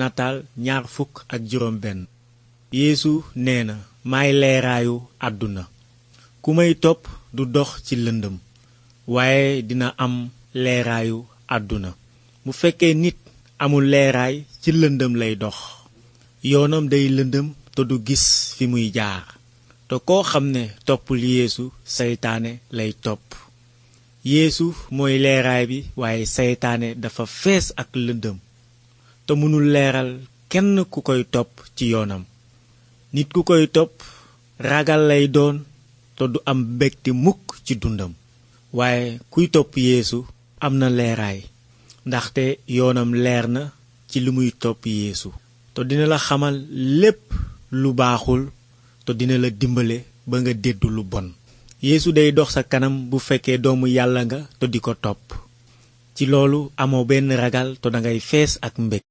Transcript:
nataal ñaar fukk ak juróom benn yeesu nee leeraayu àdduna ku may topp du dox ci lëndëm waaye dina am leeraayu àdduna bu fekkee nit amul leeraay ci lëndëm lay dox yoonam day lëndëm te du gis fi muy jaar te koo xam ne toppul yéesu seytaane lay topp yéesu mooy leeraay bi waaye seytaane dafa fees ak lëndëm te mënul leeral kenn ku koy topp ci yoonam nit ku koy topp ragal lay doon te du am mbégte mukk ci dundam waaye kuy topp yéesu am na leeraay ndaxte yoonam leer na ci li muy topp yéesu te dina la xamal lépp lu baaxul te dina la dimbale ba nga déddu lu bon yéesu day dox sa kanam bu fekkee doomu yàlla nga te di ko topp ci loolu amoo benn ragal te dangay fees ak mbég